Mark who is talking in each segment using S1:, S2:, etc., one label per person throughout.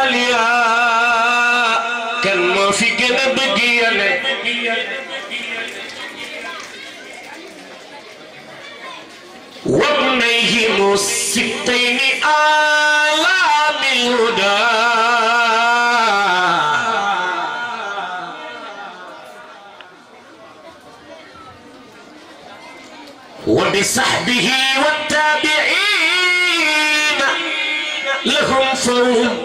S1: aliya kan moo fi gën a bëgg yàlla
S2: وابنيه
S1: الستين آلام الهدى وبصحبه والتابعين لهم فوق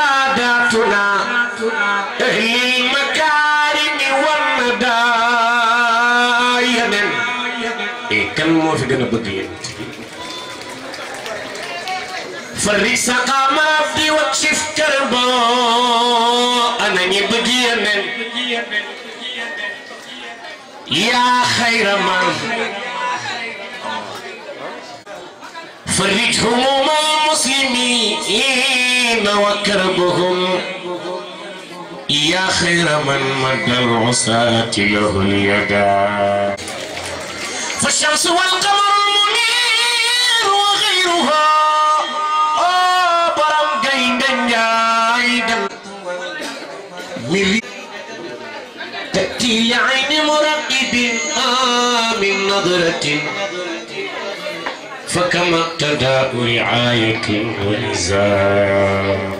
S1: ساداتنا أهل المكارم والمداين إيه كان مو في جنب الدين فرق سقام عبدي واكشف كربا أنا نبدي يا خير من فرج هموم المسلمين الكريم وكربهم يا خير من مد العصاة له اليدا فالشمس والقمر المنير وغيرها برم جيدا جيدا تأتي لعين مرقب آمن نظرة فكما اقتدى رعاية ونزاع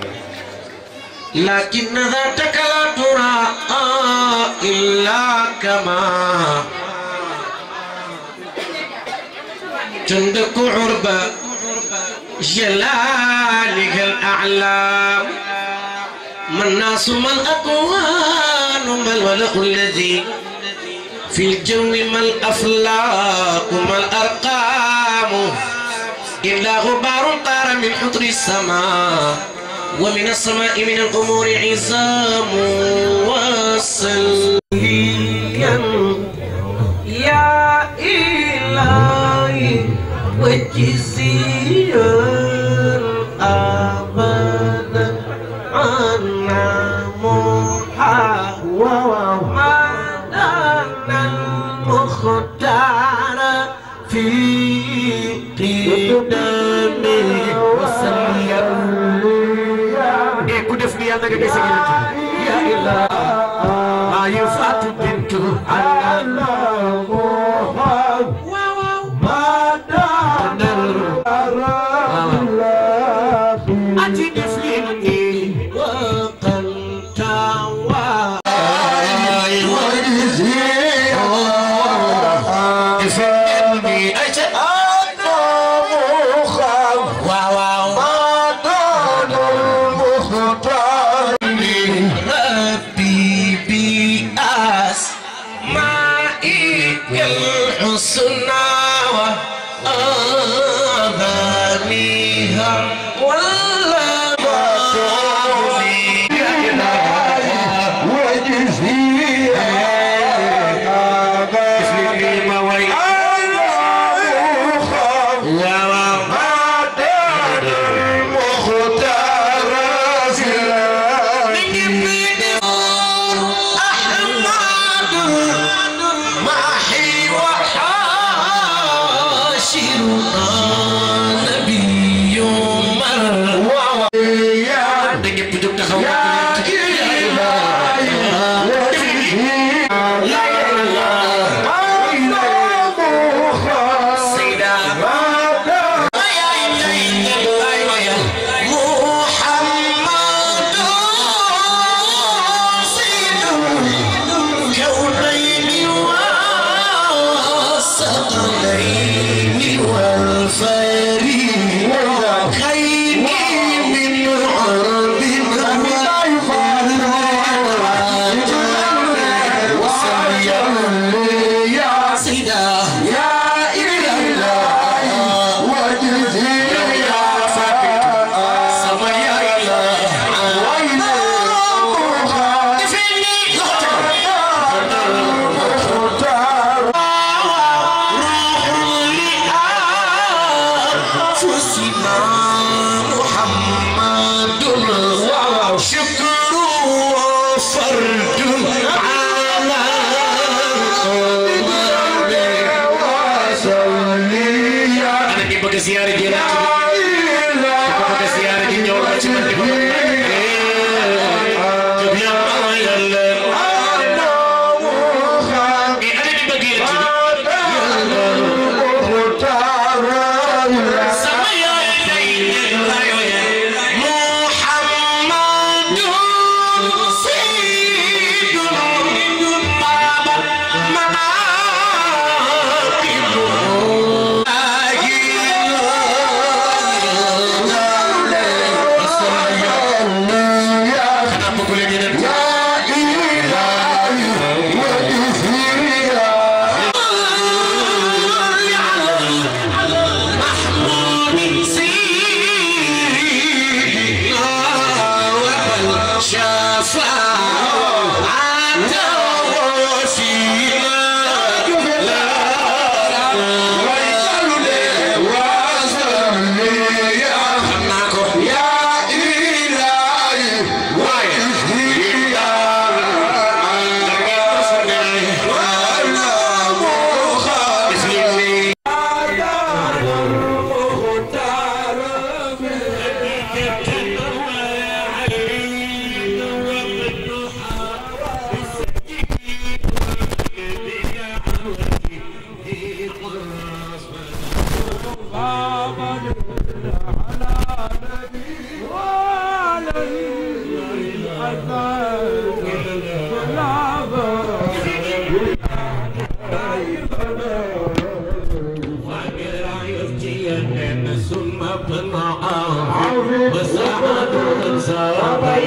S1: لكن ذاتك لا ترى إلا كما تندك عرب جلالك الأعلى ما الناس ما الأكوان ما الولق الذي في الجو ما الأفلاك ما الأرقام إلا غبار طار من حضر السماء ومن السماء من الأمور عزام وسليا يا إلهي وجزيا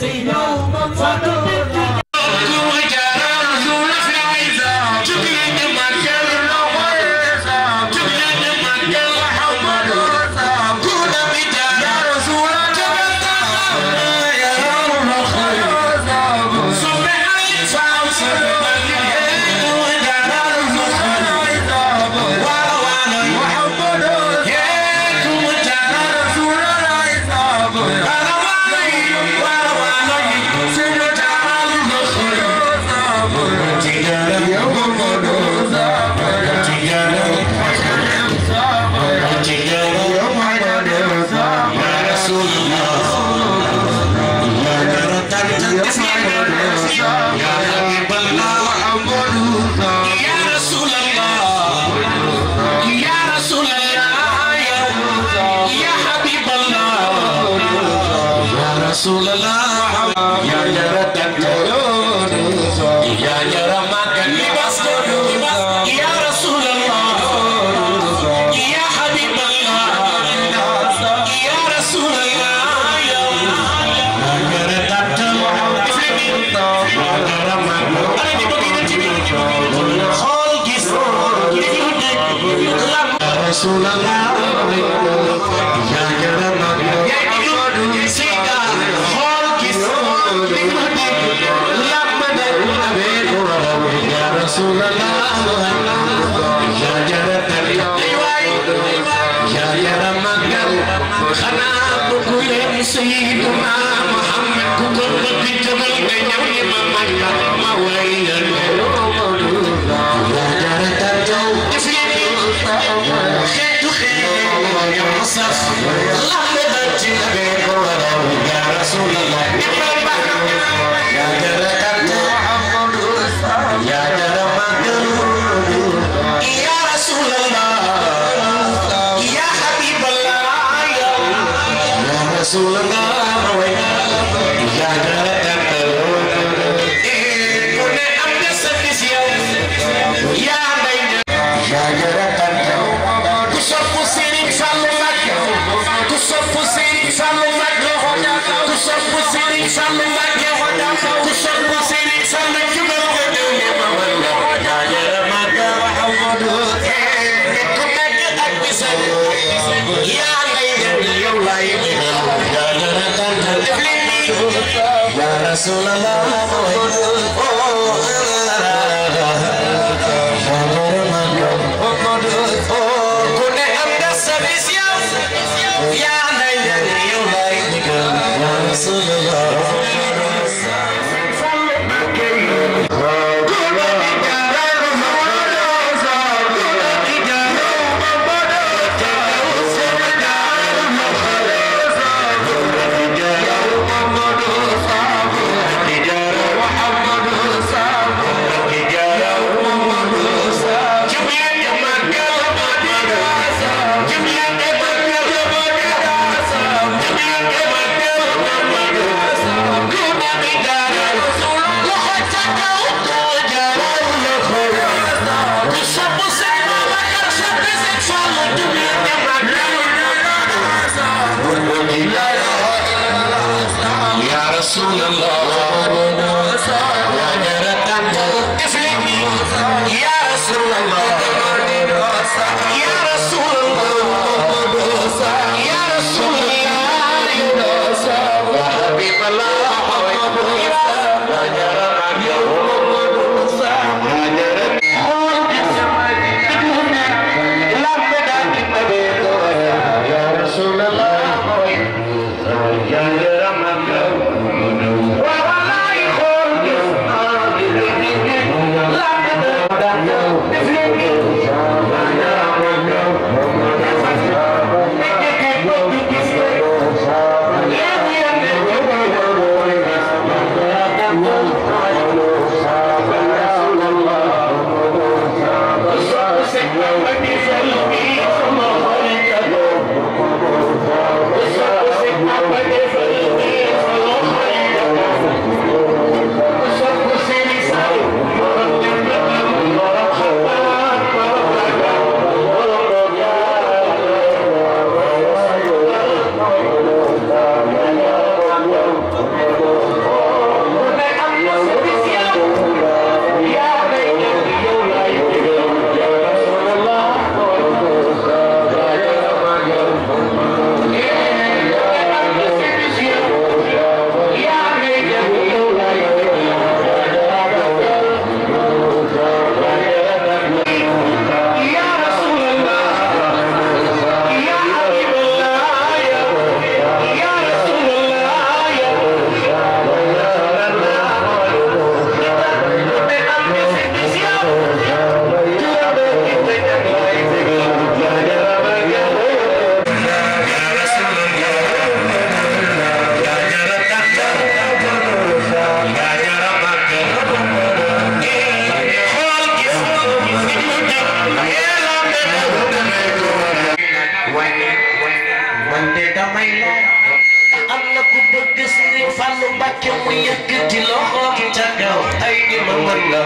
S1: see no one رسول الله يا جرت يا يرى مقل خناب كل سيدنا محمد كقرب الجبل بين يوم ما ويا رسول الله رسول الله محب Rasulullah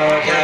S1: Amen.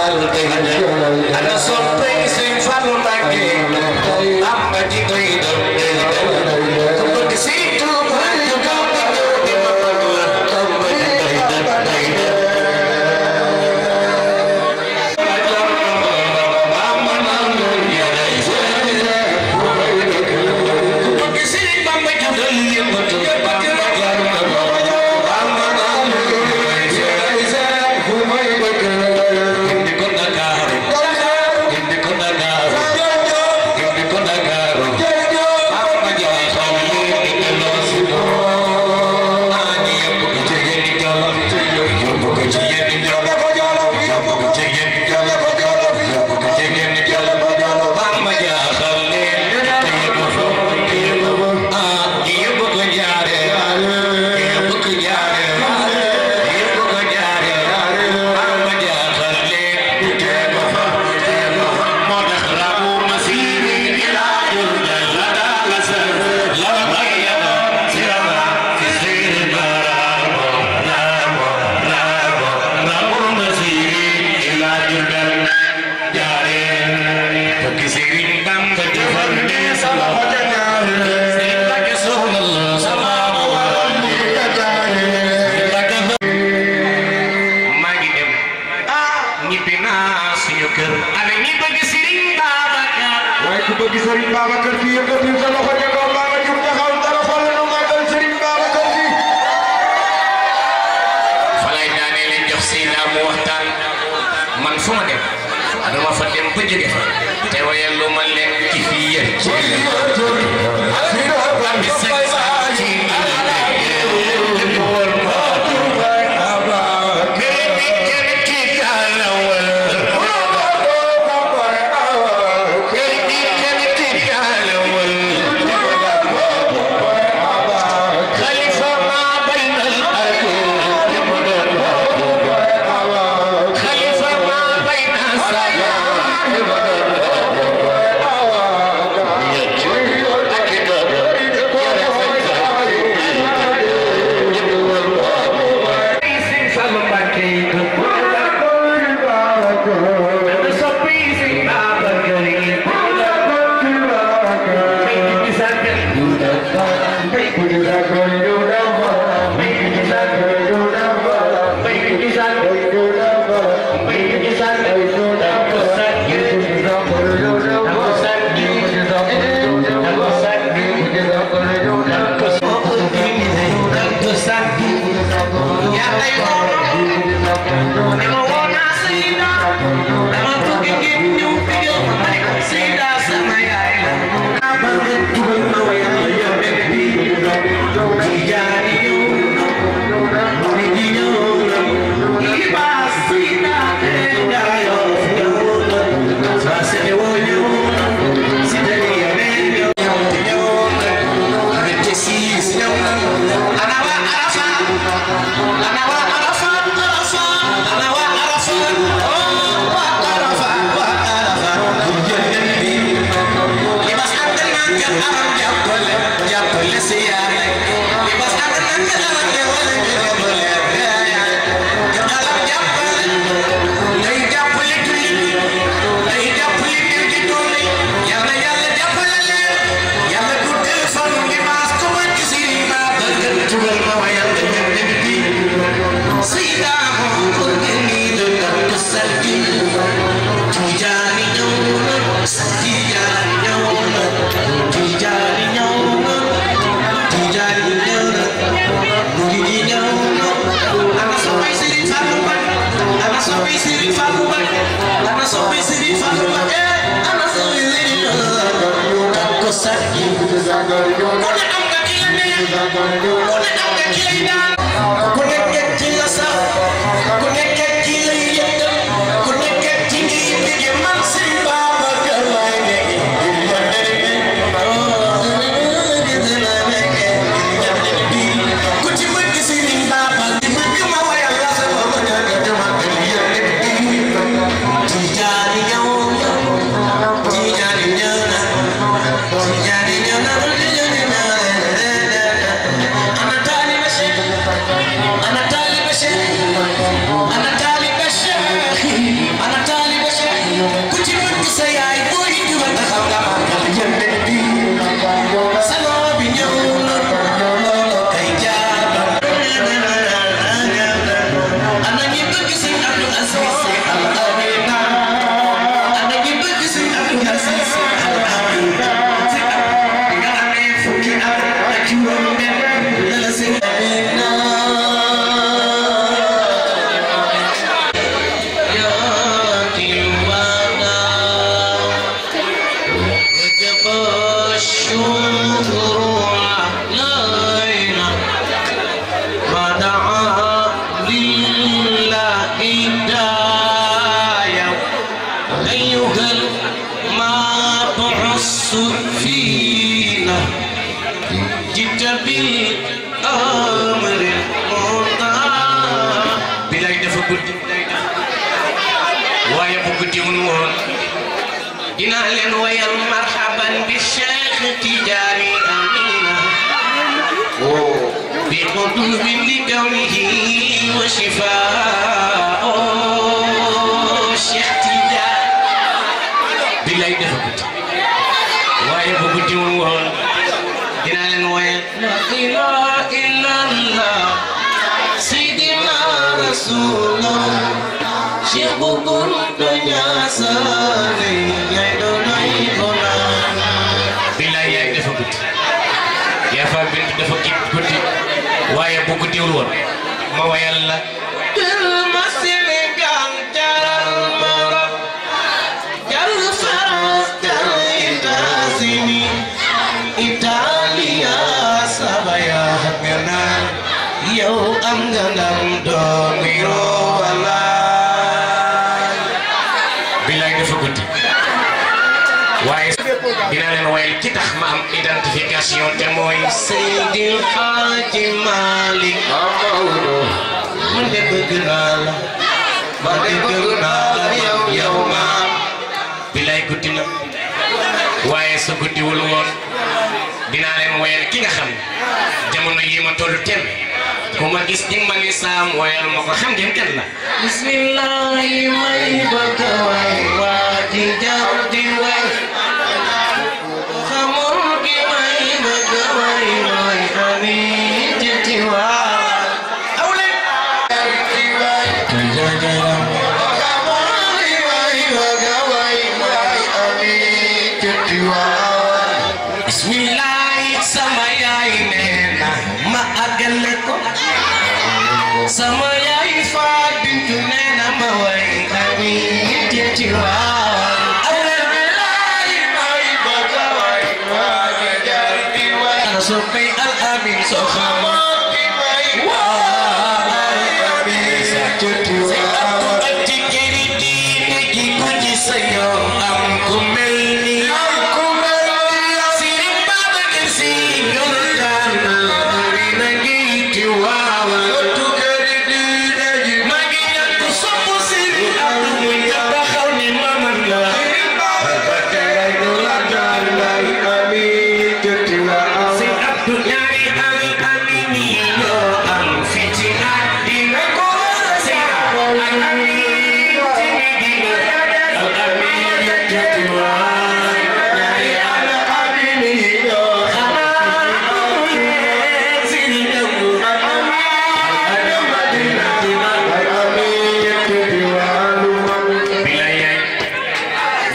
S1: I'll take a look. I got some things in front of my game. Serigne Babacar وطب لدوره وشفاء Cheikh Tidiane bi lay defa guddi waaye bu guddi woon woon dinaa leen wooye la ilaha illa allah sayyidina rasulullah Cheikh diwul woon ma wayal la Yo, I'm gonna do it all. dina leen wayal ki tax ma am identification te mooy Seydil Hadji Malick man de bëgg naa la man de bëgg naa la yow yow maa bilay guddi na waaye su guddiwul woon dinaa leen wayal ki nga xam jamono yi ma tollu tem ku ma gis ni ma ni saam wayal ma ko xam ngeen kan la bismillahi may bëgg way waa ji jar di way sama yaay fa bintu nee na ma way na mi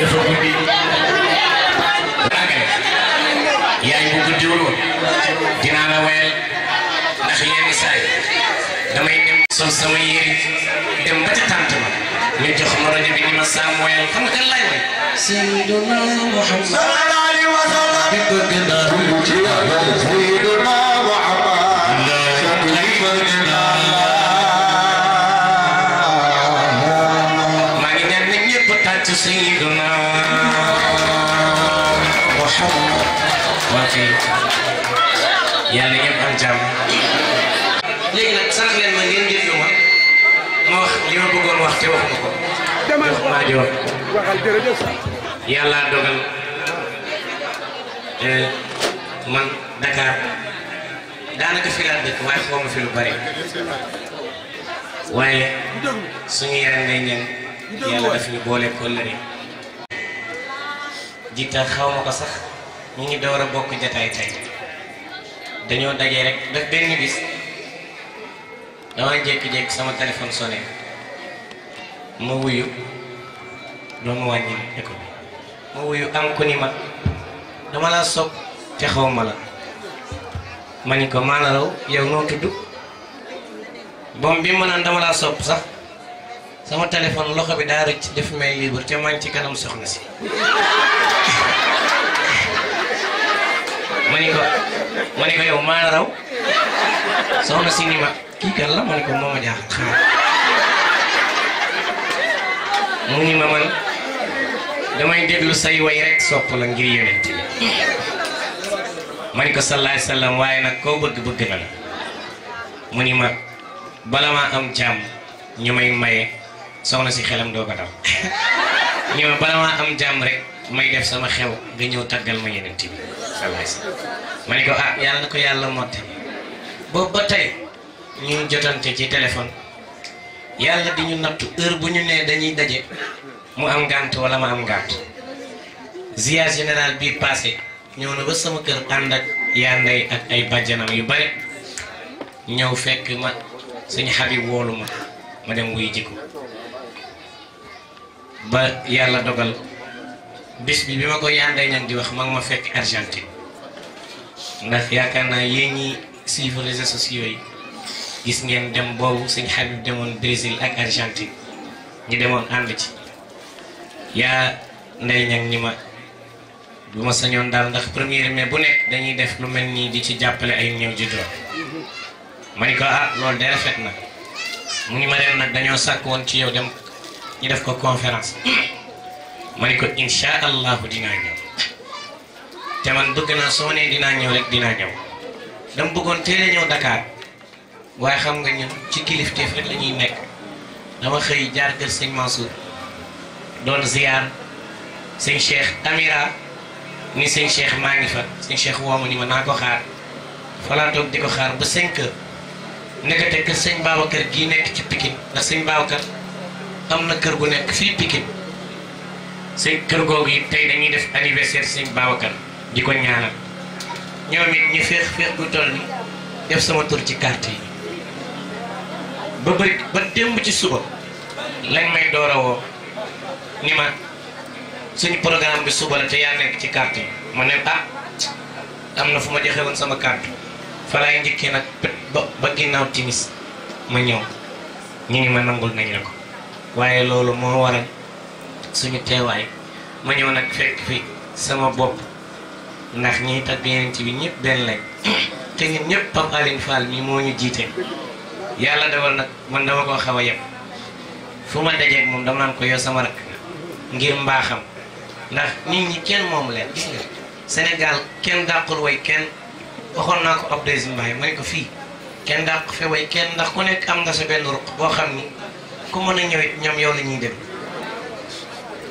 S1: dafa guddi Mbacke yaay bu guddiwul woon dinaa la wayal ndax yenn saa yi damay dem sol sama yére dem ba ca tànt ma ñu jox ma rajo bi ni ma saam wayal xam nga kan laay way Seydina Muhammad في سيدنا محمد waa fi yàlla ñëpp am jàmm léegi nag sant leen ma ngeen déglu ma ma wax li ma bëggoon wax te waxuma ko wax maa jox yàlla dogal man Dakar daanaka fi laa dëkk waaye xawma fi lu bari waaye suñu yaay ngay ñaan yàlla daf ñu boole kóllëre jiitaal xaw ma ko sax ñu ngi door a bokk jataay tey dañoo dajee rek daf benn bis dama jékki-jékki sama téléphone sonné ma wuyu doomu wàññi éco bi ma wuyu am ku ni ma dama laa sopp te xaw ma la ma ni ko maa la raw yow noo tudd bom bi mu naan dama laa sopp sax sama téléphone loxo bi daa rëcc def may libre te man ci kanam soxna si ma ni ko ma ko yow maa raw soxna si ni ma kii kan la ma ko moom a jaaxal mu ni ma man damay déglu say way rek sopp la ngir yonent bi ko salaay salaam waaye nag koo bëgg bëgg na la mu ni ma bala maa am jàmm ñu may maye soxna si xelam doo ko dal ñu bala maa am jàmm rek may def sama xew nga ñëw tàggal ma yeneen bi ma ne ko ah yàlla na ko yàlla motte boobu ba tey ñu jotante ci téléphone yàlla di ñu nattu heure bu ñu nee dañuy daje mu am ngànt wala ma am ngànt ziar général bii passé ñëw na ba sama kër ànd ak yaa ndey ak ay bàjjanam yu bare ñëw fekk ma suñu xabib woolu ma ma dem wuy jikko ba yàlla dogal bis bi bi ma ko yaandee ñan di wax mag ma fekk Argentine ndax yaakaar naa yéen ñi suivre les yi gis ngeen dem boobu sëñ Habib demoon Brésil ak Argentine ñi demoon ànd ci yaa ndey ñan ni ma bu ma sañoon daal ndax premier mais bu nekk dañuy def lu mel nii di ci jàppale ay ñëw juddoo ma ko ah loolu de rafet na mu ni ma leen nag dañoo sàkk woon ci yow dem ñu def ko conférence ma ne ko incha allahu dinaa ñëw te man bëgg naa soo nee dinaa ñëw rek dinaa ñëw dama bëggoon teel a ñëw Dakar xam nga ñun ci kilifteef rek la ñuy nekk dama xëy jaar kër sëñ Mansour doon ziar sëñ Cheikh Amira ni sëñ Cheikh maa ngi fa sëñ ni ma naa ko xaar fa di ko xaar ba 5 heures nekkate kër sëñ Babacar gii nekk ci Pikine ndax sëñ Babacar. am na kër gu nekk fii Pikine seen kër googu yi tey dañuy def anniversaire sëñ Babacar di ko ñaanal ñoom it ñu feex féex bu toll ni def sama tur ci carte yi ba ba démb ci suba lañ may door a woo ni ma suñu programme bi suba la te yaa nekk ci carte yi ma ne ah am na fu ma joxe woon sama carte fa laay njëkkee nag ba ba ginnaaw timis ma ñëw ñu ngi ma nangul nañ la ko waaye loolu moo waral suñu teewaay ma ñëw nag fekk fi sama bopp ndax ñiy tagg ci bi ñëpp benn lañ te ñun ñëpp Pape Alioune Fall mi moo ñu jiite yàlla dawal nag man dama koo xaw a yem fu ma dajeeg moom dama naan ko yow sama rakk ngir mbaaxam ndax nit ñi kenn moomu leen gis kenn dàqul woy kenn waxoon naa ko Abdou Mbaye ma ne ko fii kenn dàq fe way kenn ndax ku nekk am nga sa benn ruq boo xam ni ko mën a ñëwit ñoom yow la ñuy dem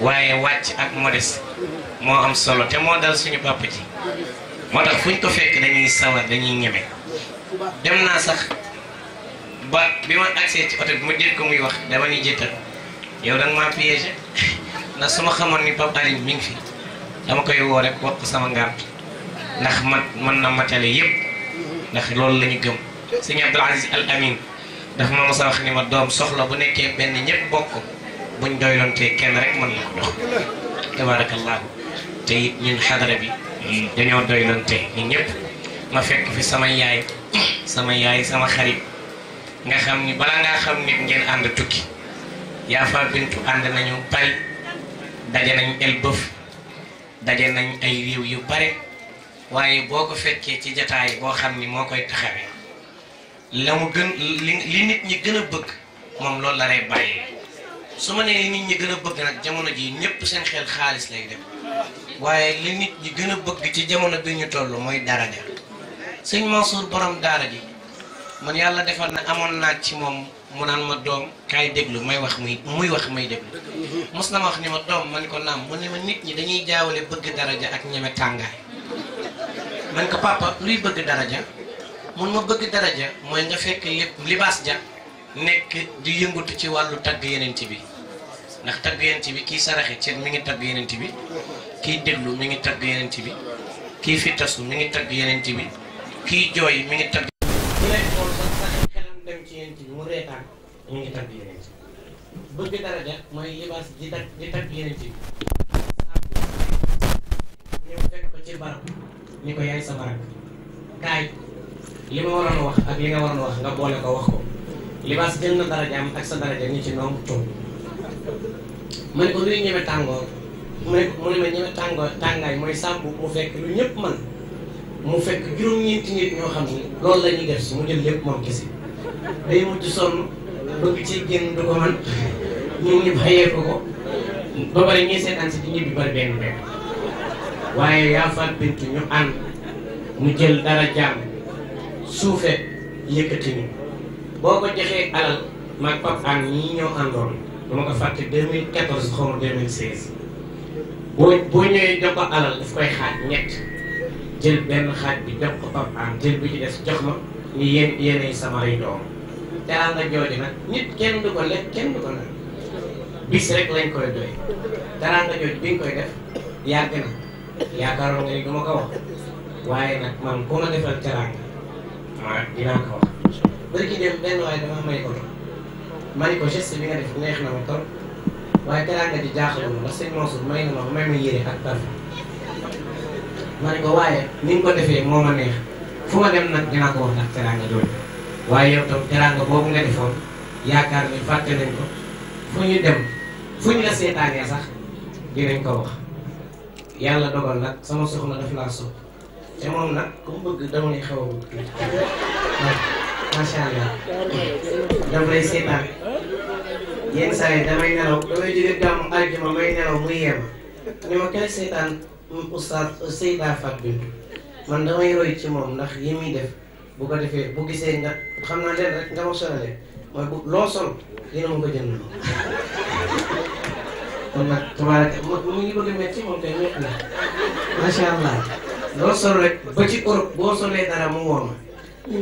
S1: waaye wàcc ak modeste moo am solo te moo dal suñu bàpp ji moo tax fuñ ko fekk dañuy sawar dañuy ñeme dem naa sax ba bi ma agsee ci oto bi ma dégg ko muy wax dama ni jëttal yow da nga maa ndax su ma xamoon ni Pape Alioune mi ngi fi dama koy woo rek wax sama ngànt ndax man mën na matale yépp ndax loolu lañu ñu gëm sëñ Abdoul Aziz Al Amin ndax ma mosaa wax ni ma doom soxla bu nekkee benn ñëpp bokk buñ doyloontee kenn rek mën na ko dox tabaarakallaahu te it ñun xadara bi hmm. dañoo doyloonte ñun ñëpp ma fekk fi sama yaay sama yaay sama xarit nga xam ni balaa ngaa xam nit ngeen ànd tukki Yafa Bintu ànd nañu Paris daje nañ Elbeuf daje nañ ay réew yu pare waaye boo ko fekkee ci jataay boo xam ni moo koy taxawee la gën li nit ñi gën a bëgg moom loolu la lay bàyyee su ma nee nit ñi gën a bëgg nag jamono jii ñëpp seen xel xaalis lay dem waaye li nit ñi gën a bëgg ci jamono bi ñu toll mooy daraja sëñ Mansour borom daara ji man yàlla defal na amoon naa ci moom mu naan ma doom kaay déglu may wax muy muy wax may déglu mos na ma wax ni ma doom man ko naam mu ne ma nit ñi dañuy jaawale bëgg daraja ak ñeme tàngaay man ko papa luy bëgg daraja mun ma bëgg daraja mooy nga fekk li libaas ja nekk di yëngatu ci wàllu tagg yenent bi ndax tagg yenent bi kii saraxe cër mi ngi tagg yenent bi kii déglu mi ngi tagg yenent bi kii fitasu mi ngi tagg yenent bi kii jooy mi ngi tagg ñu bi mu reetaan mi ngi tagg yenent bi bëgg daraja mooy libaas di tagg di tagg yenent bi ñëw fekk ko ci barab ni ko yaay sa barab li ma waroon wax ak li nga waroon wax nga boole ko wax ko libaas jël na darajaam ak sa daraja ñu ci noom tuum ma ne ko luy ñeme tàngoor mu ne mu ne ma ñeme tàngoor tàngaay mooy sàmbu mu fekk lu ñëpp man mu fekk juróom mu jël waaye yaa faat bintu ñu ànd mu jël darajaam suufe yëkkati ni boo ko joxee alal mag pap an ñii ñoo àndoon du ma ko fàtte 2014 xaw ma 2016 boo boo ñëwee jox ko alal daf koy xaaj ñett jël benn xaaj bi jox ko pap an jël bi ci des jox ma ni yéen yéenay samay doom teral nga jooju nag nit kenn du ko lekk kenn du ko nag bis rek lañ koy doy teral jooju bi nga koy def yàgg na yaakaaroon nga ni du ma ko wax waaye nag man ku ma defal teranga waaw dinaa ko wax. bari ki dem benn waaye dama may oto. ma ni ko geste bi nga def neex na ma trop waaye teraanga ji jaaxal ma ndax sëñ Mansour may na ma may ma ma ko waaye ni nga ko defee moo ma neex fu ma dem nag dinaa ko wax ndax teraanga jooju waaye yow tam teraanga boobu nga defoon yaakaar ni fàtte nañ ko fu ñu dem fu ñu la seetaanee sax dinañ ko wax. yàlla dogal nag sama soxna daf laa sopp te moom nag ku bëgg dama lay xaw a bëgg macha allah man damay roy ci moom ndax yi muy def bu ko defee bu gisee nga xam naa leen rek nga ma solale a métti moom kay sol rek ba ci Europe boo solee dara mu woo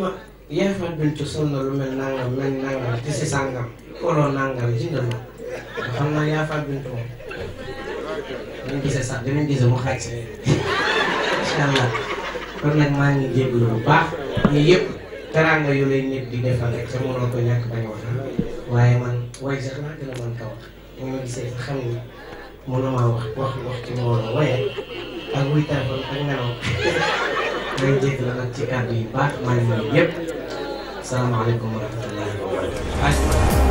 S1: ma Yaxya Bintu sol na lu mel nangam mel nangam te si sàngam koloo nangam jëndal ma nga xam naa Yaxya Bintu moom
S2: dinañ gisee sax dinañ si incha
S1: allah kon nag maa ngi jéglu bu baax ñu yu lay nit di defal rek te mënoo ko ñàkk bañ ah. waaye man waaye sax naa gën a mën ka wax ñu ngi gisee sax xam ni mënuma wax wax wax ci mbooloo waaye ak wuy téléphone ak nelaw may jéglu nag ci kàddu yu baax asalaamaaleykum wa rahmatullahi wa barakatuh